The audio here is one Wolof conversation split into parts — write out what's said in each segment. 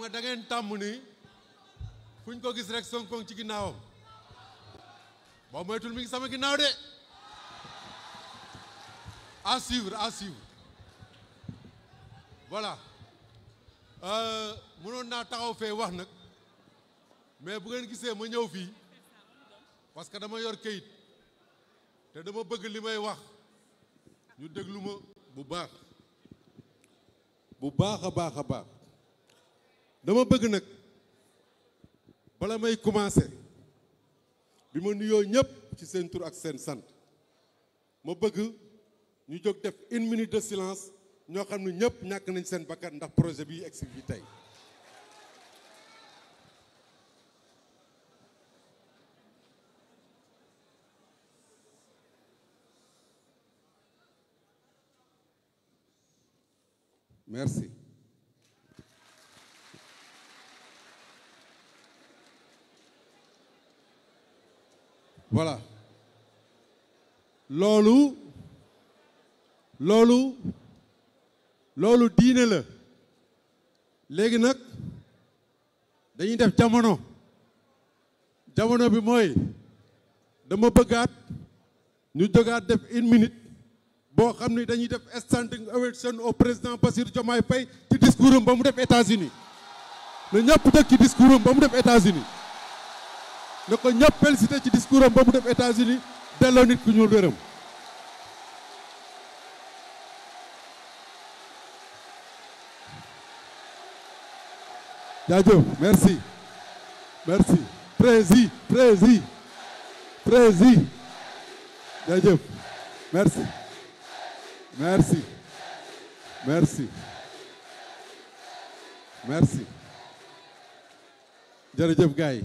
nga da ngeen tàmm ni fu ñu ko gis rek Sonko ci ginnaawam boo moytul mi ngi sama ginnaaw de à suivre à suivre voilà euh, mënoon naa taxaw fee wax nag mais bu ngeen gisee ma ñëw fii parce que dama yor kayit te dama bëgg li may wax ñu déglu ma bu baax bu baax a baax a baax dama bëgg nag bala may commencé bi ma nuyoo ñëpp ci seen tur ak seen sant ma bëgg ñu jóg def une minute de silence ñoo xam ne ñëpp ñàkk nañ seen bakkan ndax projet bi egsi bi tey merci voilà loolu loolu loolu diine la léegi nag dañuy def jamono jamono bi mooy dama bëggaat ñu dëggaat def une minute boo xam ni dañu def standing ovation au président Bassirou Diomaye Faye ci discours am ba mu def États-Unis na ñàpp dëkk ci discours am ba mu def États-Unis na ko ñëpp félicité ci discours am ba mu def États-Unis delloo nit ku ñuul dërëm jaajëf merci merci prési prési prési jaajëf merci merci merci merci jërëjëf gars yi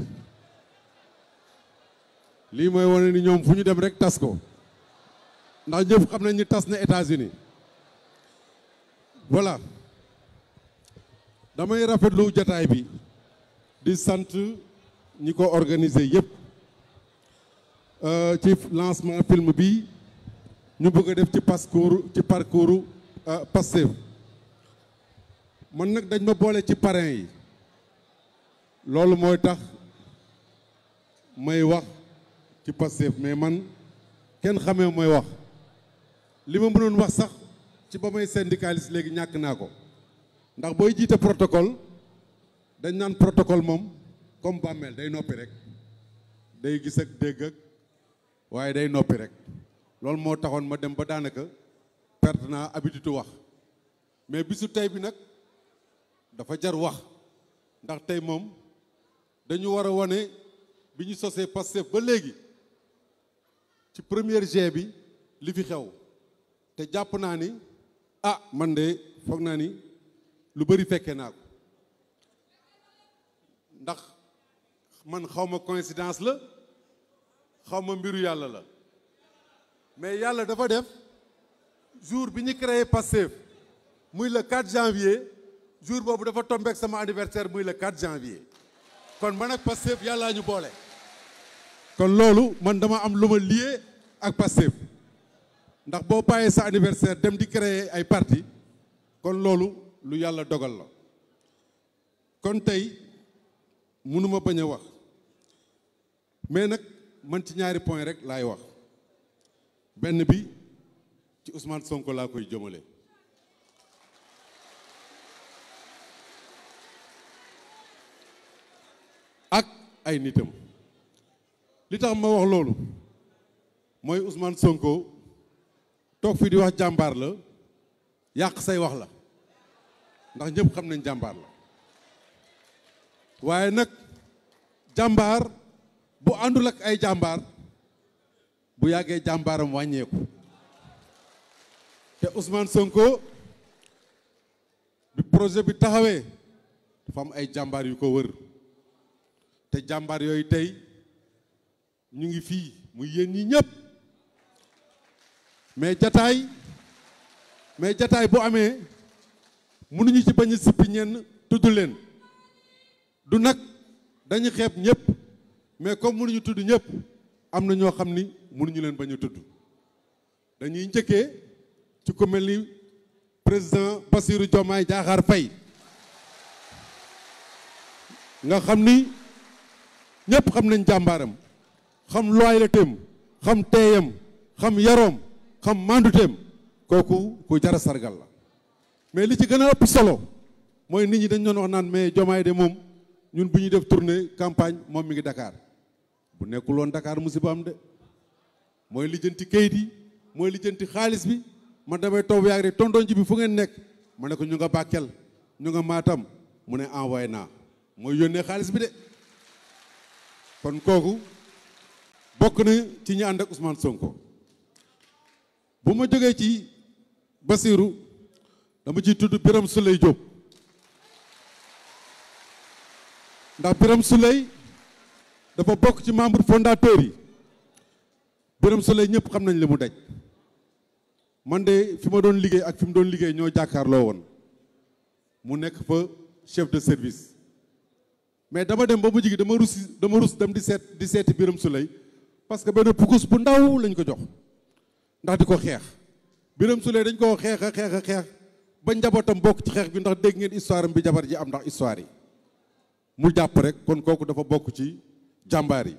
lii mooy wane ni ñoom fu ñu dem rek tas ko ndax ñëpp xam nañ ñu tas na États-Unis voilà damay rafetlu jataay bi di sant ñi ko organiser yëpp euh, ci lancement film bi ñu bugg a def ci parcours ci parcours euh, Pastef man nag dañ ma boole ci parrain yi loolu mooy tax may wax ci Pastef mais man kenn xamee mooy wax li ma mënoon wax sax ci ba may syndicaliste léegi ñàkk naa ko ndax booy jiite protocole dañ naan protocole moom comme bàmmeel day noppi rek day gis ak dégg ak waaye day noppi rek loolu moo taxoon ma dem ba daanaka perte naa habitude wax mais bisu tey bi nag dafa jar wax ndax tey moom dañu war a wane bi ñu sosee Pastef ba léegi ci première G bi li fi xew te jàpp naa ni ah man de foog naa ni lu bëri fekkee naa ko ndax man xawma ma la xawma mbiru yàlla la mais yàlla dafa def jour bi ñu créé Pastef muy le 4 janvier jour boobu dafa tombeek sama anniversaire muy le 4 janvier kon man ak Pastef yàllaa ñu boole kon loolu man dama am lu ma lié ak Pastef ndax boo bàyyee sa anniversaire dem di créer ay parti kon loolu lu yàlla dogal la kon tey mënuma bañ a wax mais nag man ci ñaari point rek laay wax benn bi ci Ousmane Sonko laa koy jëmale ak ay nitam li tax ma wax loolu mooy Ousmane Sonko toog fii di wax jàmbaar la yàq say wax la ndax ñëpp xam nañ jàmbaar la waaye nag jàmbaar bu àndul ak ay jàmbaar bu yàggee jàmbaaram wàññeeku te usmaan Sonko bi projet bi taxawee dafa ay jàmbaar yu ko wër te jàmbaar yooyu tey ñu ngi fii muy yéen ñi ñëpp mais jataay mais jataay bu amee mënuñu ci bañ a sippi ñenn tudd leen du nag dañu xeeb ñëpp mais comme mënuñu tudd ñëpp am na ñoo xam ni mënuñu leen bañ a tudd dañuy njëkkee ci ku mel ni président Bassirou Diomaye Diakhar Faye nga xam ni ñëpp xam nañ jàmbaaram xam loyautéem xam teeyam xam yaroom xam manduteem kooku ku jara sargal la mais li ci gën a ëpp solo mooy nit ñi dañ doon wax naan mais Diomaye de moom ñun bu ñuy def tournée campagne moom mi ngi dakaar bu nekkul loon Dakar musiba am de mooy lijjanti kayit yi mooy lijjanti xaalis bi man damay toog yaag rek tonton ji bi fu ngeen nekk ma ne ko ñu nga Bakel ñu nga maatam mu ne envoyé naa mooy yónnee xaalis bi de kon kooku bokk na ci ñi ànd ak Ousmane Sonko bu ma jógee ci Basirou dama ciy tudd Biram Souley Diop ndax Biram Souley dafa bokk ci membre fondateur yi Biram Souley ñëpp xam nañ li mu daj man de fi ma doon liggéey ak fi mu doon liggéey ñoo jàkkaarloo woon mu nekk fa chef de service mais dama dem ba mu jigi dama rus dama rus dem di seet di seeti Biram Souley parce que benn pukus bu ndaw lañ ko jox ndax di ko xeex Birame Souleye dañ koo xeex a xeex a xeex ba njabootam bokk ci xeex bi ndax dégg ngeen histoire am bi jabar ji am ndax histoire yi mu jàpp rek kon kooku dafa bokk ci jàmbaar yi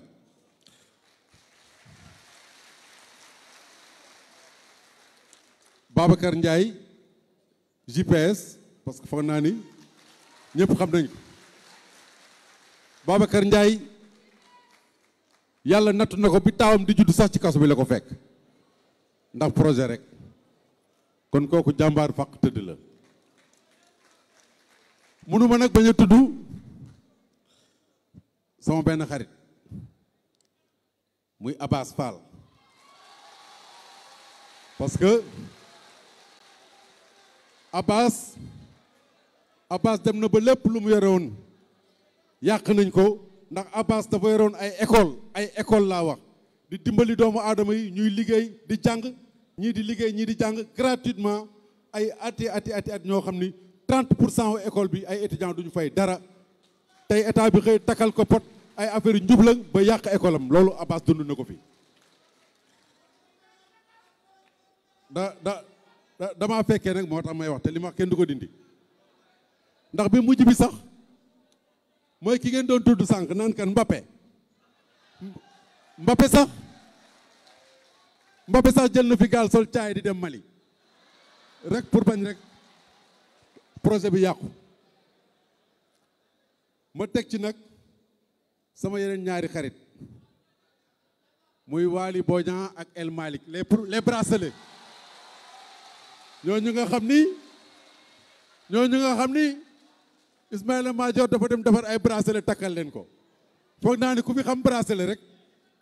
Babacar njaay GPS parce que foog naa ni ñëpp xam nañ ko Babacar Ndiaye yàlla nattu na ko bi taawam di judd sax ci kaso bi la ko fekk ndax projet rek kon kooku jàmbaar fàq tëdd la munu ma nag bañ a tudd sama benn xarit muy Abbas Fall parce que Abbas Abbas dem na ba lépp lu mu yore woon yàq nañ ko ndax Abbas dafa yoroon ay école ay école laa wax di dimbali doomu aadama yi ñuy liggéey di jàng ñii di liggéey ñii di jàng gratuitement ay ati ati ati at ñoo xam ni 30 pour cent école bi ay étudiants duñu fay dara tey état bi xëy takkal ko pot ay affaire njublaŋ ba yàq école am loolu Abbas dund na ko fi da da damaa fekkee nag moo tax may wax te li ma wax kenn du ko dindi ndax bi mujj bi sax mooy ki ngeen doon tudd sànq naan kan Mbappé Mbappé sax Mbappé sax jël na fi gaal sol caay di dem Mali rek pour bañ rek projet bi yàqu ma teg ci nag sama yeneen ñaari xarit muy Waly Bodian ak El Malick les les bracelets ñooñu nga xam ni ñooñu nga xam ni Ismaïla Madior dafa dem defar ay bracelet takkal leen ko foog naa ne ku fi xam bracelet rek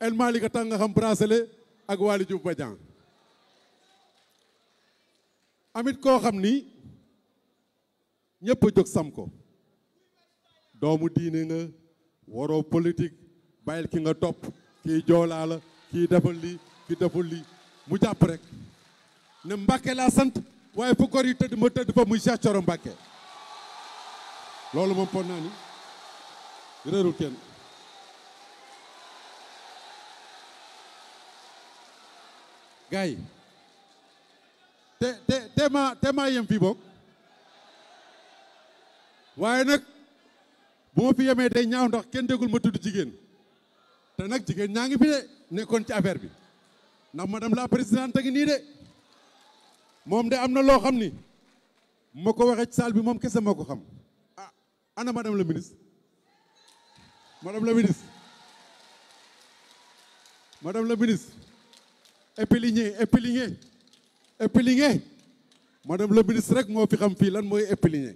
El Malick tax nga xam bracelet ak Waly Diouf Badian amit koo xam ni ñëpp a jóg sam ko doomu diine nga waroo politique bàyyil ki nga topp kii joolaa la kii defal lii kii defal lii mu jàpp rek ne Mbàkke laa sant waaye fu kor yi tëdd ma tëdd fa muy Cheikh Coro Mbàkke loolu moom pon naa ni réerul kenn gars te te te ma te ma yem fii boog waaye nag bu ma fi yemee day ñaaw ndax kenn déggul ma tudd jigéen te nag jigéen ñaa ngi fi de nekkoon ci affaire bi ndax ma madame la présidente ngi nii de moom de am na loo xam ni ma ko waxee ci salle bi moom kese moo ko xam ana madame la ministre madame la ministre madame la ministre épiligné épiligné épiligné madame la ministre rek moo fi xam fii lan mooy épiligné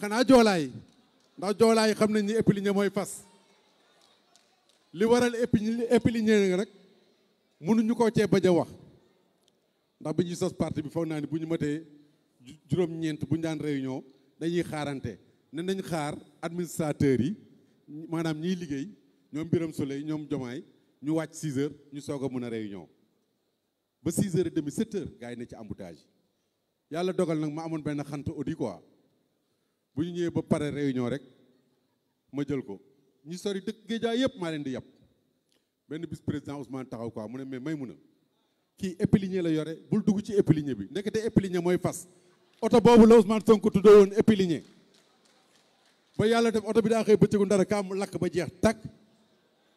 xanaa joolaay ndax joolaay xam nañ ni épiligné mooy fas li waral épiligné nga nag mënuñu koo cee bañ a wax ndax bi ñuy sos parti bi foog naa ni bu ñu matee juróom-ñeent bu ñu daan réunion dañuy xaarante ne nañ xaar administrateur yi maanaam ñiy liggéey ñoom Birame Souleye ñoom Diomaye ñu wàcc 6 heures ñu soog a mën a réunion ba 6 heures et demi 7 heures gars yi ne ci embouteillage yàlla dogal nag ma amoon benn xant audi quoi bu ñu ñëwee ba pare réunion rek ma jël ko ñu sori dëkk géejaay yëpp maa leen di yàpp benn bis président Ousmane taxaw quoi mu ne mais may mun a kii épiligne la yore bul dugg ci épiligne bi ndekete épiligne mooy fas oto boobu la Ousmane Sonko tuddee woon épiligne ba yàlla def oto bi daa xëy bëccëgu ndara kaa mu lakk ba jeex tàkk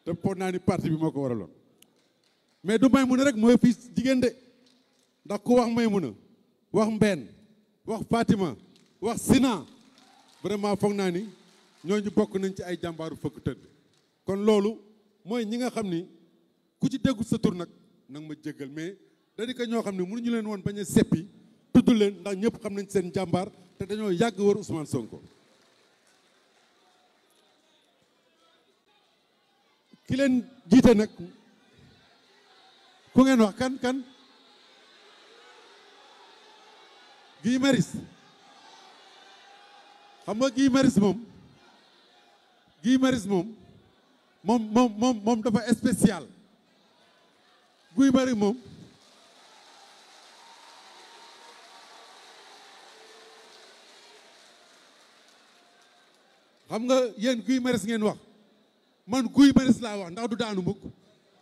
te foog naa ni parti bi moo ko waraloon mais du may mun a rek mooy fii jigéen de ndax ku wax may mun a wax mbenn wax Fatima wax Sina vraiment foog naa ni ñooñu bokk nañ ci ay jàmbaaru fëkk tëdd kon loolu mooy ñi nga xam ni ku ci déggu sa tur nag nag ma jéggal mais dañu ko ñoo xam ne mënuñu leen woon bañ a seppi tudd leen ndax ñëpp xam nañ seen jàmbaar te dañoo yàgg wër Ousmane Sonko. ki leen jiite nag ku ngeen wax kan kan Guy Marius xam nga Guy Marius moom Guy maris moom moom moom moom dafa spécial Guy Marius moom xam nga yéen Guy Marius ngeen wax man guy bëris laa wax ndax du daanu mukk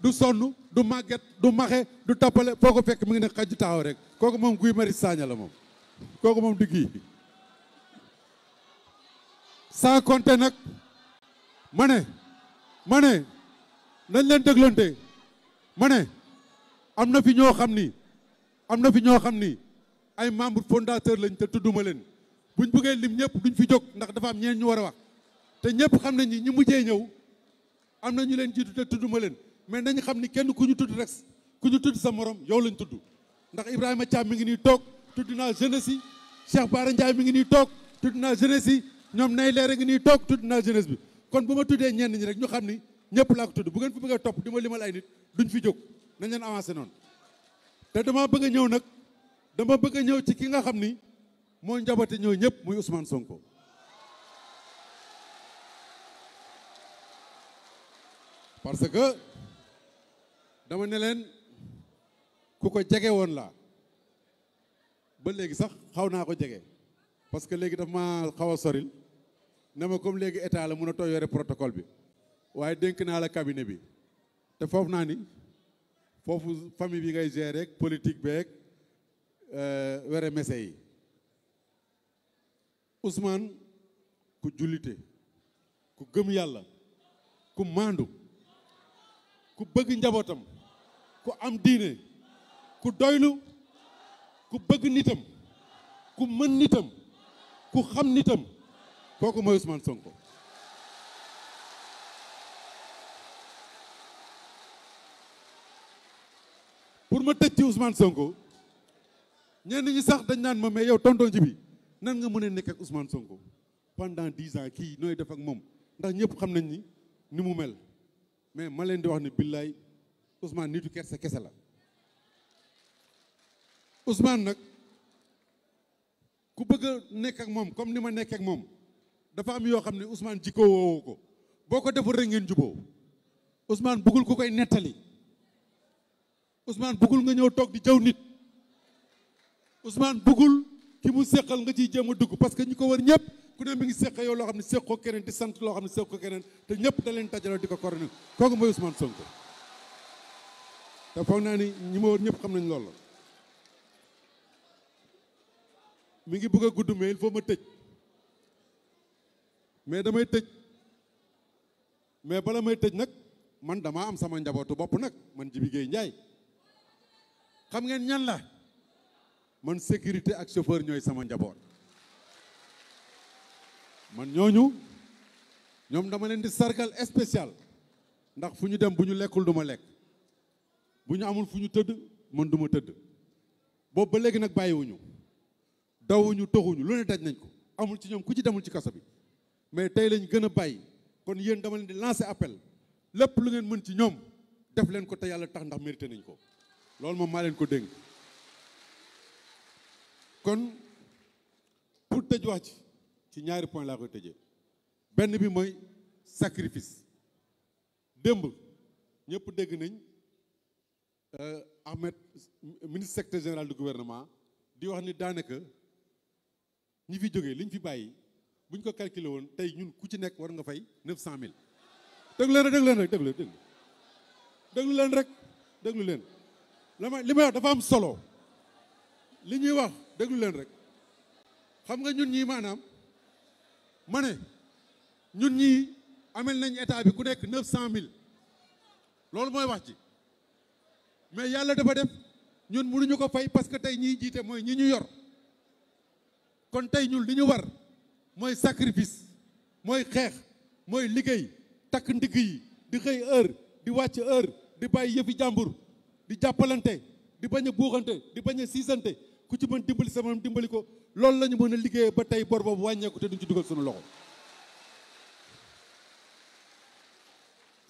du sonn du màgget du maxe du tappale foo ko fekk mi ngi ne xaj taaw rek kooku moom guy maris sagna la moom kooku moom digg yi sans nag ma ne ma ne nañ leen déglante ma ne am na fi ñoo xam ni am na fi ñoo xam ni ay membre fondateur lañ te tudduma leen buñ buggee lim ñëpp duñ fi jóg ndax dafa am ñeen ñu war a wax te ñëpp xam nañ ñi ñu mujjee ñëw am na ñu leen jiitu te tudd ma leen mais nañu xam ni kenn ku ñu tudd rek ku ñu tudd sa morom yow lañ tudd ndax Ibrahima Thiam mi ngi nii toog tudd naa jeunesse yi Cheikh Bara Ndiaye ngi nii toog tudd naa jeunesse ñoom nay leer a ngi nii toog tudd naa jeunesse bi kon bu ma tuddee ñenn ñi rek ñu xam ni ñëpp laa ko tudd bu ngeen fi bëgg a topp di ma limal ay nit duñ fi jóg nañ leen avancé noonu te dama bëgg a ñëw nag dama bëgg ñëw ci ki nga xam ni moo njabote ñëw ñëpp muy Ousmane Sonko parce que dama ne leen ku ko jege woon la ba léegi sax xaw naa ko jege parce que léegi dafa ma xaw a soril ne ma comme léegi état la mun a tooy yore protocole bi waaye dénk naa la cabinet bi te foofu naa ni foofu famille bi ngay gérer rek politique beeg euh, were mese yi Ousmane ku jullite ku gëm yàlla ku maandu ku bëgg njabootam ku am diine ku doylu ku bëgg nitam ku mën nitam ku xam nitam kooku mooy Ousmane Sonko pour ma tëj ci Ousmane Sonko ñenn ñi sax dañ naan ma mais yow tonton ji bi nan nga mën a nekk ak Ousmane Sonko pendant dix ans kii nooy def ak moom ndax ñëpp xam nañ ni ni mu mel mais ma leen di wax ne billaay Ousmane nitu kersa kese la Ousmane nag ku bëgg a moom comme ni ma nekk moom dafa am yoo xam ne Ousmane jikko woowu ko boo ko deful rek ngeen juboo Ousmane buggul ku koy nettali usmaan buggul nga ñëw toog di jëw nit Ousmane buggul ki mu seqal nga ciy jéem a dugg parce que ñi ko war ñëpp ku ne mi ngi seq yow loo xam ne seq ko keneen di sant loo xam ne seq ko keneen te ñëpp da leen dajaloo di ko coordonné kooku mooy Ousmane Sonko te foog naa ni ñi ma wër ñëpp xam nañ la mi ngi bëgg a gudd mais il faut ma tëj mais damay tëj mais bala may tëj nag man damaa am sama njabootu bopp nag man Jibi Gueye Ndiaye xam ngeen ñan la man sécurité ak chauffeur ñooy sama njaboot man ñooñu ñoom dama leen di sargal spécial ndax fu ñu dem bu ñu lekkul du ma lekk bu ñu amul fu ñu tëdd mën duma tëdd boobu ba léegi nag bàyyiwuñu dawuñu toxuñu lu ne daj nañ ko amul ci ñoom ku ci demul ci kaso bi mais tey lañ gën a bàyyi kon yéen dama leen di lancer appel lépp lu ngeen mën ci ñoom def leen ko te yàlla tax ndax mérité nañ ko loolu moom maa leen ko dénk kon pour tëj wax ci ci ñaari point laa koy tëjee benn bi mooy sacrifice démb ñëpp dégg nañ euh, Ahmed ministre secrétaire général du gouvernement di wax ni daanaka ñi fi jógee liñ fi bàyyi bu ñu ko calculé woon tey ñun ku ci nekk war nga fay neuf cent mille déglu leen rek déglu leen rek déglu déglu leen rek déglu leen la li may wax dafa am solo li ñuy wax déglu leen rek xam nga ñun ñii maanaam ma ne ñun ñii amel nañ état bi ku nekk neuf cent mille loolu mooy wax ci mais yàlla dafa def ñun ñu ko fay parce que tey ñiy jiite mooy ñi ñu yor kon tey ñun li ñu war mooy sacrifice mooy xeex mooy liggéey takk ndigg yi di xëy heure di wàcc heure di bàyyi yëfi jàmbur di jàppalante di bañ a buuxante di bañ a siisante ku ci mën dimbali sama dimbali ko loolu la ñu mën a liggéey ba tey bor boobu wàññeeku te duñ ci dugal suñu loxo.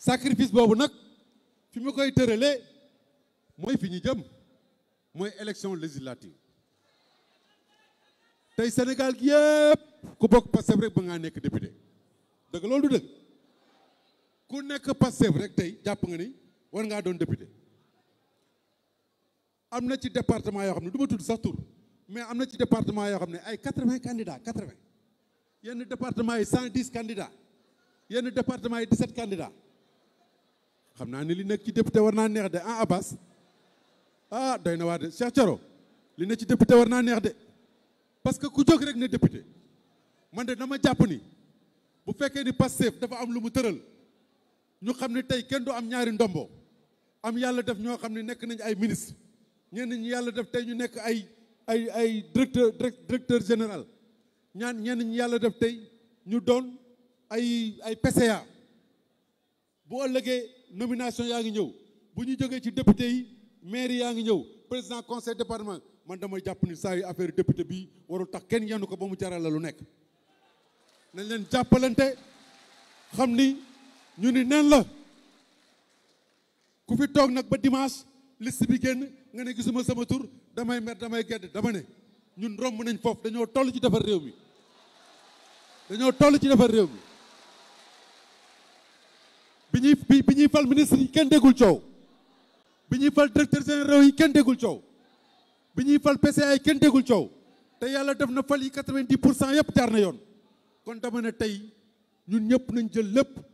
sacrifice boobu nag fi mu koy tëralee mooy fi ñu jëm mooy élection législative tey Sénégal gi ku bokk Pastef rek ba ngaa nekk député dëgg loolu du dëgg ku nekk Pastef rek tey jàpp nga ni war ngaa doon député. am na ci département yoo xam ne du ma mais am na ci département yoo xam ne ay quatre-vingts candidats quatre-vingts yenn département yi cent dix candidats yenn département yi dix-sept candidats xam naa ni li nekk ci député war naa neex de ah Abbas ah doy na waa de li nekk ci député war naa neex de parce que ku jóg rek na député man de dama jàpp ni bu fekkee ni Pastef dafa am lu mu tëral ñu xam ne tey kenn du am ñaari ndombo am yàlla def ñoo xam ne nekk nañ ay ministre ñenn ñi yàlla def tey ñu nekk ay ay ay directeur directeur général ñaan ñenn ñi yàlla def tey ñu doon ay ay PCA bu ëllëgee nomination yaa ngi ñëw bu ñu jógee ci député yi maire yaa ngi ñëw président conseil département man damay jàpp ni saa yu affaire député bi warul tax kenn yenu ko ba mu jaral la lu nekk nañ leen jàppalante xam ni ñu ni nen la ku fi toog nag ba dimanche liste génn nga ne gisuma sama tur damay mer damay gedd dama ne ñun romb nañ foofu dañoo toll ci defar réew mi dañoo toll ci defar réew mi bi ñuy bi ñuy fal ministre yi kenn déggul coow bi ñuy fal directeur général yi kenn déggul coow bi ñuy fal PCA yi kenn déggul coow te yàlla def na fal yi quatre vingt pour cent yëpp jaar na yoon kon dama ne tey ñun ñëpp nañ jël lépp